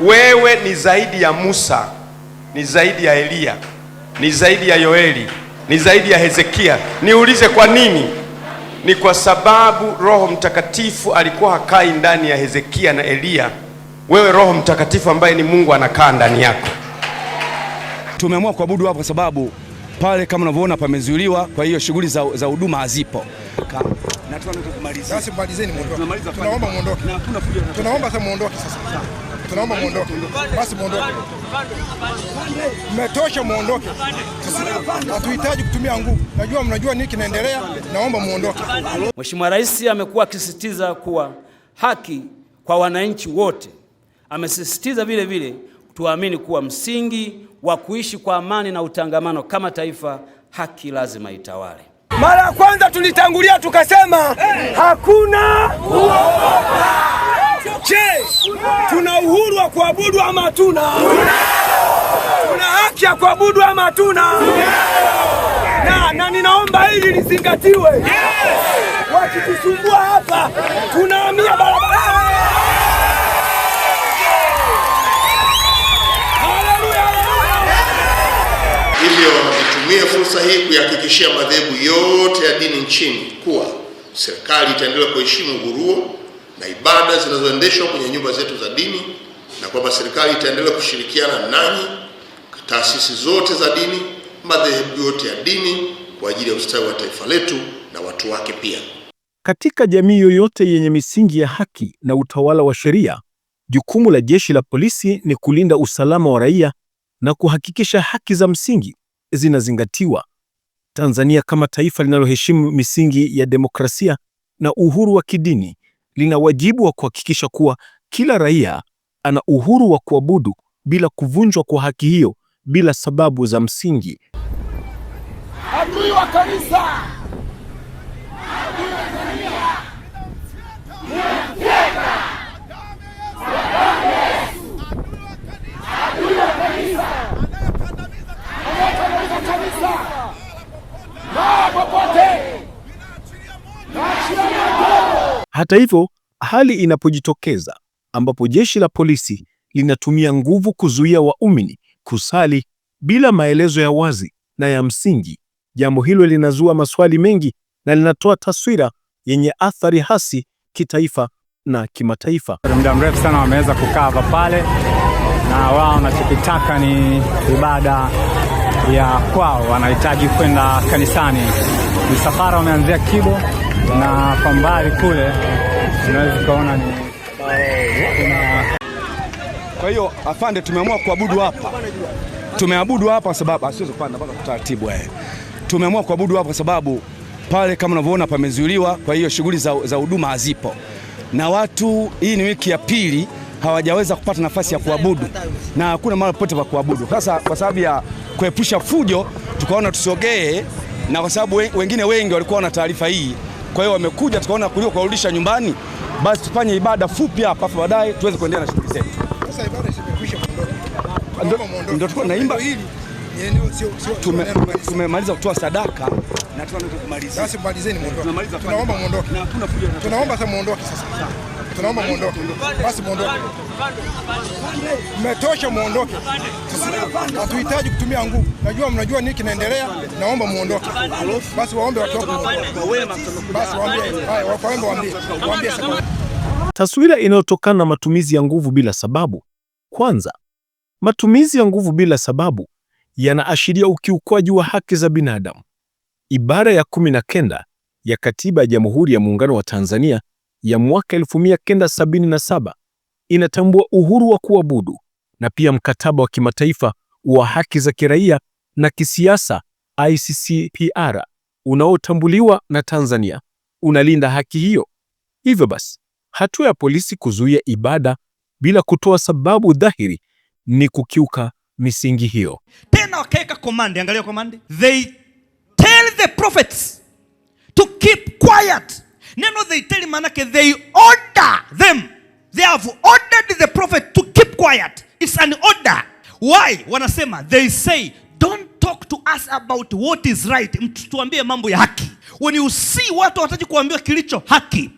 Wewe ni zaidi ya Musa, ni zaidi ya Eliya, ni zaidi ya Yoeli, ni zaidi ya Hezekia. Niulize, kwa nini? Ni kwa sababu Roho Mtakatifu alikuwa hakai ndani ya Hezekia na Eliya. Wewe Roho Mtakatifu ambaye ni Mungu anakaa ndani yako. Tumeamua kuabudu hapo kwa sababu pale kama unavyoona pamezuiliwa, kwa hiyo shughuli za za huduma hazipo. Tunaomba muondoke, tunaomba sasa sasa tunaomba muondoke, basi muondoke, mmetosha, muondoke, hatuhitaji kutumia nguvu. Najua mnajua nini kinaendelea, naomba muondoke. Mheshimiwa Rais amekuwa akisisitiza kuwa haki kwa wananchi wote. Amesisitiza vile vile tuamini kuwa msingi wa kuishi kwa amani na utangamano kama taifa, haki lazima itawale. Mara ya kwanza tulitangulia tukasema, hey, hakuna kuogopa. Je, tuna uhuru wa kuabudu ama hatuna? Tuna haki ya kuabudu ama hatuna? Na, na ninaomba hili lizingatiwe. Wakitusumbua hapa tunahamia barabara. Hivyo nitumie fursa hii kuyahakikishia madhehebu yote ya dini nchini kuwa serikali itaendelea kuheshimu uhuru huo na ibada zinazoendeshwa kwenye nyumba zetu za dini, na kwamba serikali itaendelea kushirikiana nanyi, taasisi zote za dini, madhehebu yote ya dini kwa ajili ya ustawi wa taifa letu na watu wake pia. Katika jamii yoyote yenye misingi ya haki na utawala wa sheria, jukumu la jeshi la polisi ni kulinda usalama wa raia na kuhakikisha haki za msingi zinazingatiwa. Tanzania kama taifa linaloheshimu misingi ya demokrasia na uhuru wa kidini lina wajibu wa kuhakikisha kuwa kila raia ana uhuru wa kuabudu bila kuvunjwa kwa haki hiyo bila sababu za msingi. Adui wa kanisa! Popote! Hata hivyo, hali inapojitokeza ambapo jeshi la polisi linatumia nguvu kuzuia waumini kusali bila maelezo ya wazi na ya msingi, jambo hilo linazua maswali mengi na linatoa taswira yenye athari hasi kitaifa na kimataifa. Muda mrefu sana wameweza kukaa hapa pale, na wao wanachokitaka ni ibada ya kwao, wanahitaji kwenda kanisani. Msafara wameanzia Kibo na kwa mbali kule unaweza kuona ni kwa hiyo afande, tumeamua kuabudu hapa, tumeabudu hapa sababu asiwezi kupanda mpaka taratibu. Eh, tumeamua kuabudu hapa sababu pale kama unavyoona pamezuiliwa, kwa hiyo shughuli za huduma hazipo na watu. Hii ni wiki ya pili hawajaweza kupata nafasi ya kuabudu na hakuna mahali popote pa kuabudu. Sasa kwa sababu ya kuepusha fujo, tukaona tusogee, na kwa sababu wengine wengi walikuwa na taarifa hii kwa hiyo wamekuja, tukaona kulio kuwarudisha nyumbani, basi tufanye ibada fupi hapa, afu baadaye tuweze kuendelea na shughuli zetu. Sasa ibada kuondoka, ndio tuko naimba hili tumemaliza kutoa sadaka na tunaomba muondoke, tunaomba sasa muondoke sasa tunaomba muondoke, basi muondoke, mmetosha, muondoke. Hatuhitaji kutumia nguvu, najua mnajua nini kinaendelea. Naomba muondoke, basi waombe watoke, basi waombe waambie taswira inayotokana na matumizi ya nguvu bila sababu. Kwanza, matumizi ya nguvu bila sababu yanaashiria ukiukwaji wa haki za binadamu. Ibara ya kumi na kenda ya Katiba ya Jamhuri ya Muungano wa Tanzania ya mwaka 1977 inatambua uhuru wa kuabudu na pia mkataba wa kimataifa wa haki za kiraia na kisiasa ICCPR unaotambuliwa na Tanzania unalinda haki hiyo. Hivyo basi, hatua ya polisi kuzuia ibada bila kutoa sababu dhahiri ni kukiuka misingi hiyo. Tena wakaweka komandi, angalia komandi, they tell the prophets manake they order them, they have ordered the prophet to keep quiet. It's an order. Why? Wanasema they say don't talk to us about what is right, mtuambie mambo ya haki. When you see watu wataji kuambiwa kilicho haki,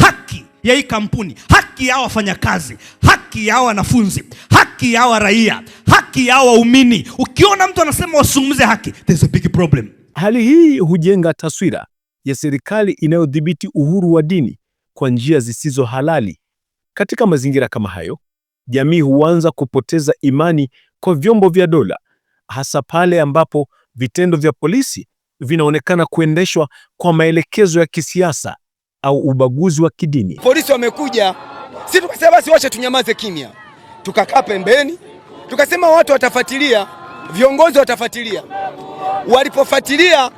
haki ya hii kampuni, haki ya hawa wafanyakazi, haki ya wanafunzi, haki ya hawa raia, haki ya waumini. Ukiona mtu anasema wasungumze haki, there's a big problem. Hali hii hujenga taswira ya serikali inayodhibiti uhuru wa dini kwa njia zisizo halali. Katika mazingira kama hayo, jamii huanza kupoteza imani kwa vyombo vya dola, hasa pale ambapo vitendo vya polisi vinaonekana kuendeshwa kwa maelekezo ya kisiasa au ubaguzi wa kidini. Polisi wamekuja, si tukasema basi wacha tunyamaze kimya, tukakaa pembeni, tukasema watu watafuatilia, viongozi watafuatilia. Walipofuatilia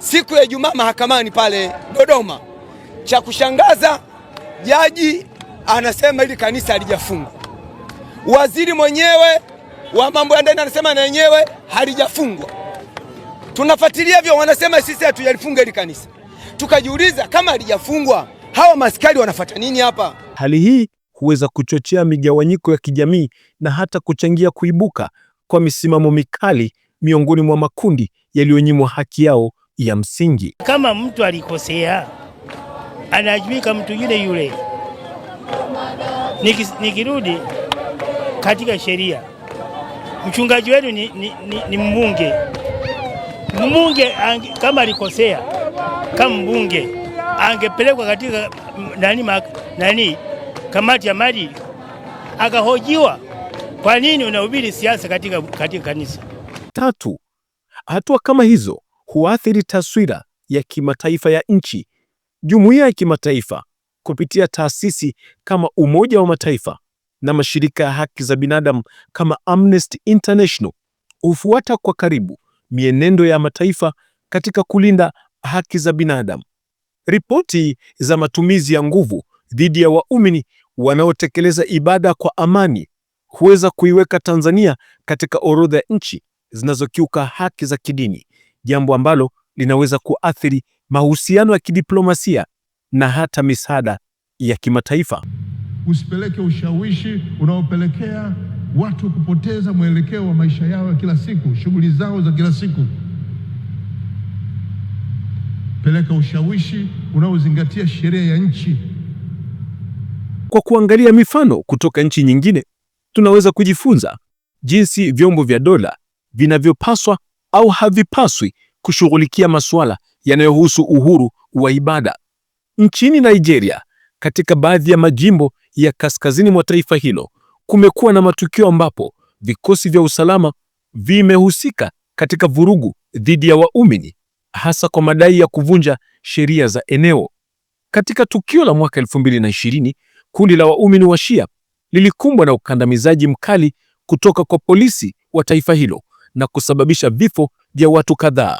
siku ya Ijumaa mahakamani pale Dodoma. Cha kushangaza, jaji anasema hili kanisa halijafungwa. Waziri mwenyewe wa mambo ya ndani anasema na yenyewe halijafungwa. Tunafuatilia hivyo, wanasema sisi hatujalifunga hili kanisa. Tukajiuliza, kama halijafungwa hawa maskari wanafuata nini hapa? Hali hii huweza kuchochea migawanyiko ya kijamii na hata kuchangia kuibuka kwa misimamo mikali miongoni mwa makundi yaliyonyimwa haki yao ya msingi. Kama mtu alikosea anajwika mtu yule yule. nikirudi katika sheria, mchungaji wenu ni, ni, ni, ni mbunge. Mbunge ange, kama alikosea kama mbunge angepelekwa katika nani, nani kamati ya maadili akahojiwa, kwa nini unahubiri siasa katika, katika kanisa. Tatu, hatua kama hizo huathiri taswira ya kimataifa ya nchi. Jumuiya ya kimataifa kupitia taasisi kama Umoja wa Mataifa na mashirika ya haki za binadamu kama Amnesty International hufuata kwa karibu mienendo ya mataifa katika kulinda haki za binadamu. Ripoti za matumizi ya nguvu dhidi ya waumini wanaotekeleza ibada kwa amani huweza kuiweka Tanzania katika orodha ya nchi zinazokiuka haki za kidini jambo ambalo linaweza kuathiri mahusiano ya kidiplomasia na hata misaada ya kimataifa. Usipeleke ushawishi unaopelekea watu kupoteza mwelekeo wa maisha yao ya kila siku, shughuli zao za kila siku. Peleka ushawishi unaozingatia sheria ya nchi. Kwa kuangalia mifano kutoka nchi nyingine, tunaweza kujifunza jinsi vyombo vya dola vinavyopaswa au havipaswi kushughulikia masuala yanayohusu uhuru wa ibada. Nchini Nigeria, katika baadhi ya majimbo ya kaskazini mwa taifa hilo, kumekuwa na matukio ambapo vikosi vya usalama vimehusika katika vurugu dhidi ya waumini, hasa kwa madai ya kuvunja sheria za eneo. Katika tukio la mwaka 2020, kundi la waumini wa Shia lilikumbwa na ukandamizaji mkali kutoka kwa polisi wa taifa hilo na kusababisha vifo vya watu kadhaa.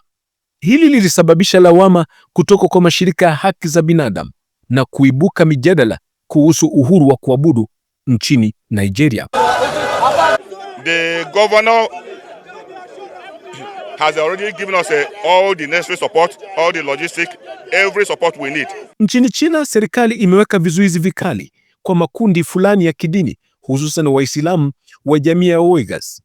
Hili lilisababisha lawama kutoka kwa mashirika ya haki za binadamu na kuibuka mijadala kuhusu uhuru wa kuabudu nchini Nigeria. The governor has already given us eh, all the necessary support, all the logistic, every support we need. Nchini China, serikali imeweka vizuizi vikali kwa makundi fulani ya kidini, hususan Waislamu wa jamii ya Uyghurs.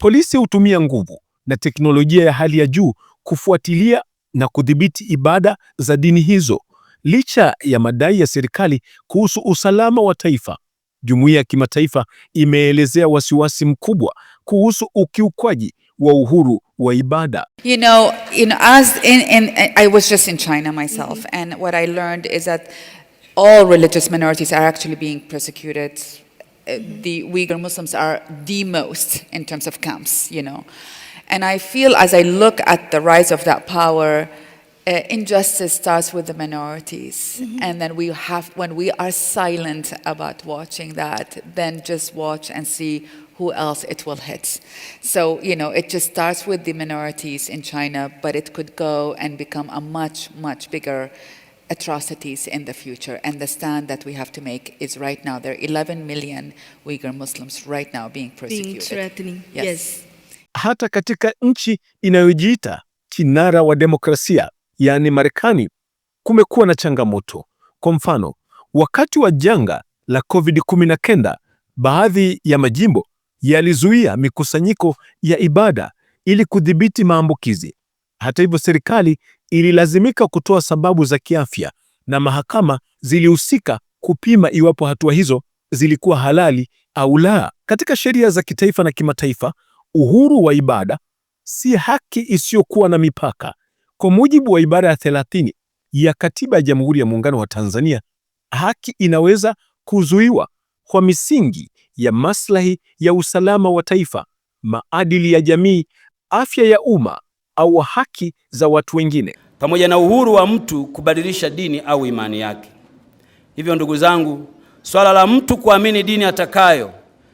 Polisi hutumia nguvu na teknolojia ya hali ya juu kufuatilia na kudhibiti ibada za dini hizo. Licha ya madai ya serikali kuhusu usalama wa taifa, jumuiya ya kimataifa imeelezea wasiwasi mkubwa kuhusu ukiukwaji wa uhuru wa ibada. You know, in as in, in I was just in China myself mm -hmm. and what I learned is that all religious minorities are actually being persecuted Uh, the Uyghur Muslims are the most in terms of camps, you know. And I feel as I look at the rise of that power, uh, injustice starts with the minorities mm -hmm. and then we have when we are silent about watching that then just watch and see who else it will hit so you know it just starts with the minorities in china but it could go and become a much much bigger atrocities in the future. And the stand that we have to make is right now. There are 11 million Uyghur Muslims right now being persecuted. Being threatening. Yes. Yes. Hata katika nchi inayojiita kinara wa demokrasia yaani Marekani kumekuwa na changamoto. Kwa mfano, wakati wa janga la COVID-19 baadhi ya majimbo yalizuia mikusanyiko ya ibada ili kudhibiti maambukizi. Hata hivyo, serikali ililazimika kutoa sababu za kiafya na mahakama zilihusika kupima iwapo hatua hizo zilikuwa halali au la. Katika sheria za kitaifa na kimataifa, uhuru wa ibada si haki isiyokuwa na mipaka. Kwa mujibu wa ibara ya 30 ya Katiba ya Jamhuri ya Muungano wa Tanzania, haki inaweza kuzuiwa kwa misingi ya maslahi ya usalama wa taifa, maadili ya jamii, afya ya umma au haki za watu wengine, pamoja na uhuru wa mtu kubadilisha dini au imani yake. Hivyo ndugu zangu, swala la mtu kuamini dini atakayo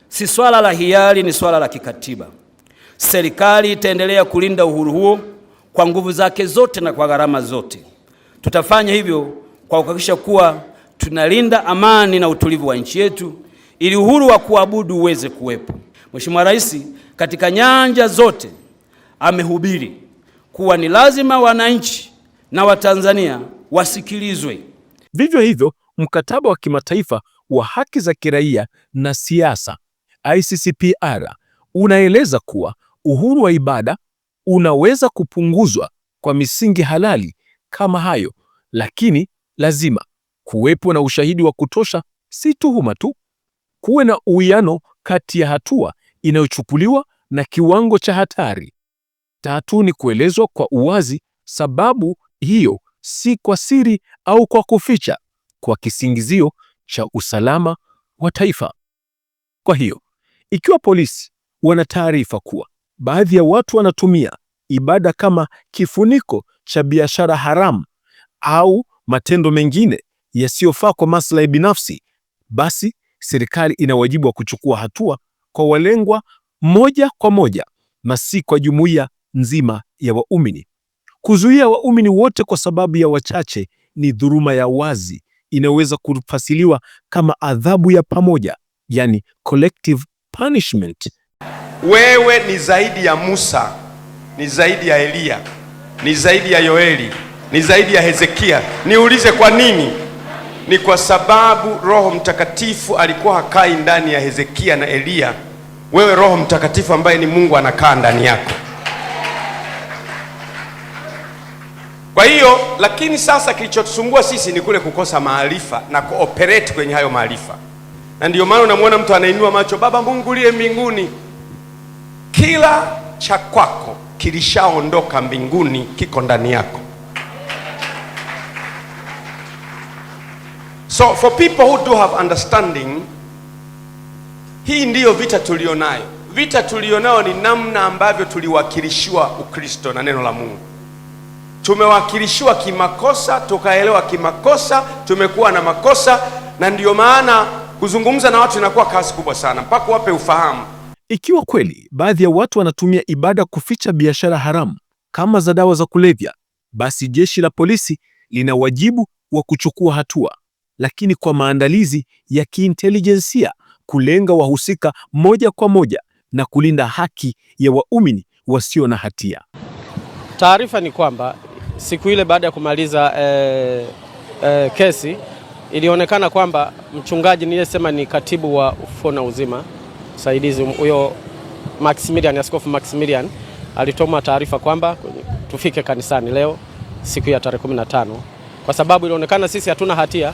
si swala la hiari, ni swala la kikatiba. Serikali itaendelea kulinda uhuru huo kwa nguvu zake zote na kwa gharama zote. Tutafanya hivyo kwa kuhakikisha kuwa tunalinda amani na utulivu wa nchi yetu ili uhuru wa kuabudu uweze kuwepo. Mheshimiwa Rais katika nyanja zote amehubiri kuwa ni lazima wananchi na Watanzania wasikilizwe. Vivyo hivyo, mkataba wa kimataifa wa haki za kiraia na siasa ICCPR unaeleza kuwa uhuru wa ibada unaweza kupunguzwa kwa misingi halali kama hayo, lakini lazima kuwepo na ushahidi wa kutosha, si tuhuma tu. Kuwe na uwiano kati ya hatua inayochukuliwa na kiwango cha hatari Tatu ni kuelezwa kwa uwazi sababu hiyo, si kwa siri au kwa kuficha kwa kisingizio cha usalama wa taifa. Kwa hiyo, ikiwa polisi wana taarifa kuwa baadhi ya watu wanatumia ibada kama kifuniko cha biashara haramu au matendo mengine yasiyofaa kwa maslahi binafsi, basi serikali ina wajibu wa kuchukua hatua kwa walengwa moja kwa moja na si kwa jumuiya nzima ya waumini. Kuzuia waumini wote kwa sababu ya wachache ni dhuruma ya wazi inayoweza kufasiliwa kama adhabu ya pamoja, yani collective punishment. Wewe ni zaidi ya Musa, ni zaidi ya Eliya, ni zaidi ya Yoeli, ni zaidi ya Hezekia. Niulize, kwa nini? Ni kwa sababu Roho Mtakatifu alikuwa hakai ndani ya Hezekia na Eliya. Wewe Roho Mtakatifu ambaye ni Mungu anakaa ndani yako. Kwa hiyo lakini sasa kilichotusumbua sisi ni kule kukosa maarifa na kuoperate kwenye hayo maarifa, na ndiyo maana unamwona mtu anainua macho, Baba Mungu uliye mbinguni, kila cha kwako kilishaondoka mbinguni, kiko ndani yako. So for people who do have understanding, hii ndiyo vita tulionayo. Vita tulionayo ni namna ambavyo tuliwakilishiwa Ukristo na neno la Mungu tumewakilishiwa kimakosa, tukaelewa kimakosa, tumekuwa na makosa, na ndiyo maana kuzungumza na watu inakuwa kazi kubwa sana mpaka wape ufahamu. Ikiwa kweli baadhi ya watu wanatumia ibada kuficha biashara haramu kama za dawa za kulevya, basi jeshi la polisi lina wajibu wa kuchukua hatua, lakini kwa maandalizi ya kiintelijensia, kulenga wahusika moja kwa moja na kulinda haki ya waumini wasio na hatia. Taarifa ni kwamba siku ile baada ya kumaliza eh, eh, kesi ilionekana kwamba mchungaji niliyesema ni katibu wa ufufuo na uzima msaidizi huyo Maximilian, Askofu Maximilian alitoma taarifa kwamba tufike kanisani leo siku ya tarehe 15 kwa sababu ilionekana sisi hatuna hatia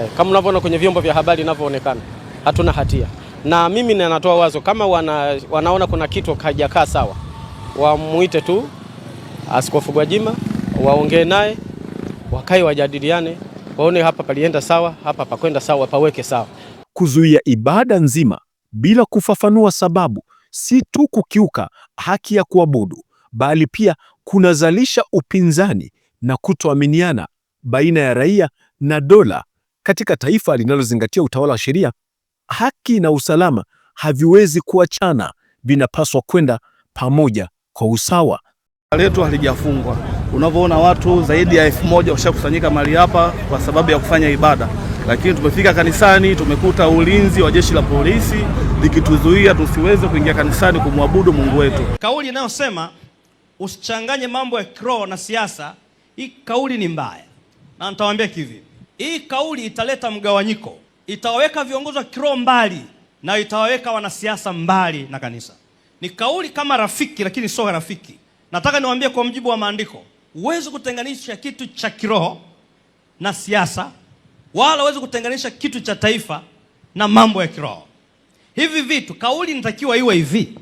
eh, kama unavyoona kwenye vyombo vya habari inavyoonekana hatuna hatia, na mimi nanatoa wazo kama wana, wanaona kuna kitu hakijakaa sawa, wamuite tu Askofu Gwajima waongee naye, wakae wajadiliane, waone hapa palienda sawa, hapa pakwenda sawa, paweke sawa. Kuzuia ibada nzima bila kufafanua sababu si tu kukiuka haki ya kuabudu, bali pia kunazalisha upinzani na kutoaminiana baina ya raia na dola. Katika taifa linalozingatia utawala wa sheria, haki na usalama haviwezi kuachana, vinapaswa kwenda pamoja kwa usawa. letu halijafungwa unavyoona watu zaidi ya elfu moja washakusanyika mahali hapa kwa sababu ya kufanya ibada, lakini tumefika kanisani, tumekuta ulinzi wa jeshi la polisi likituzuia tusiweze kuingia kanisani kumwabudu Mungu wetu. Kauli inayosema usichanganye mambo ya kiroho na siasa, hii kauli ni mbaya, na nitawaambia hivi, hii kauli italeta mgawanyiko, itawaweka viongozi wa kiroho mbali na itawaweka wanasiasa mbali na kanisa. Ni kauli kama rafiki, lakini sio rafiki. Nataka niwaambie kwa mjibu wa maandiko Huwezi kutenganisha kitu cha kiroho na siasa, wala huwezi kutenganisha kitu cha taifa na mambo ya kiroho. Hivi vitu, kauli inatakiwa iwe hivi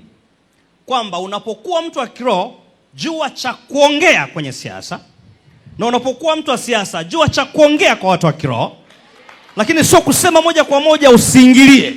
kwamba unapokuwa mtu wa kiroho, jua cha kuongea kwenye siasa, na unapokuwa mtu wa siasa, jua cha kuongea kwa watu wa kiroho, lakini sio kusema moja kwa moja usiingilie.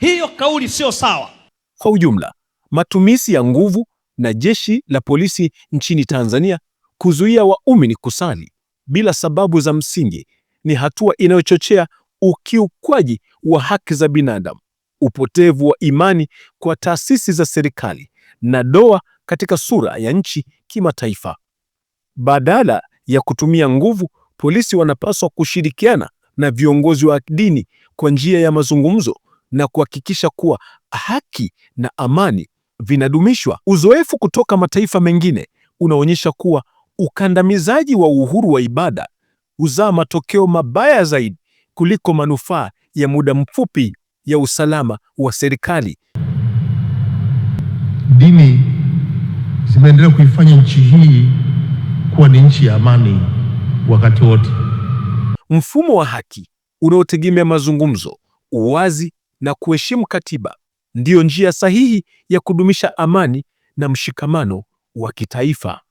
Hiyo kauli sio sawa. Kwa ujumla, matumizi ya nguvu na jeshi la polisi nchini Tanzania Kuzuia waumini kusali bila sababu za msingi ni hatua inayochochea ukiukwaji wa haki za binadamu, upotevu wa imani kwa taasisi za serikali na doa katika sura ya nchi kimataifa. Badala ya kutumia nguvu, polisi wanapaswa kushirikiana na viongozi wa dini kwa njia ya mazungumzo na kuhakikisha kuwa haki na amani vinadumishwa. Uzoefu kutoka mataifa mengine unaonyesha kuwa Ukandamizaji wa uhuru wa ibada huzaa matokeo mabaya zaidi kuliko manufaa ya muda mfupi ya usalama wa serikali. Dini zimeendelea kuifanya nchi hii kuwa ni nchi ya amani wakati wote. Mfumo wa haki unaotegemea mazungumzo, uwazi na kuheshimu katiba ndiyo njia sahihi ya kudumisha amani na mshikamano wa kitaifa.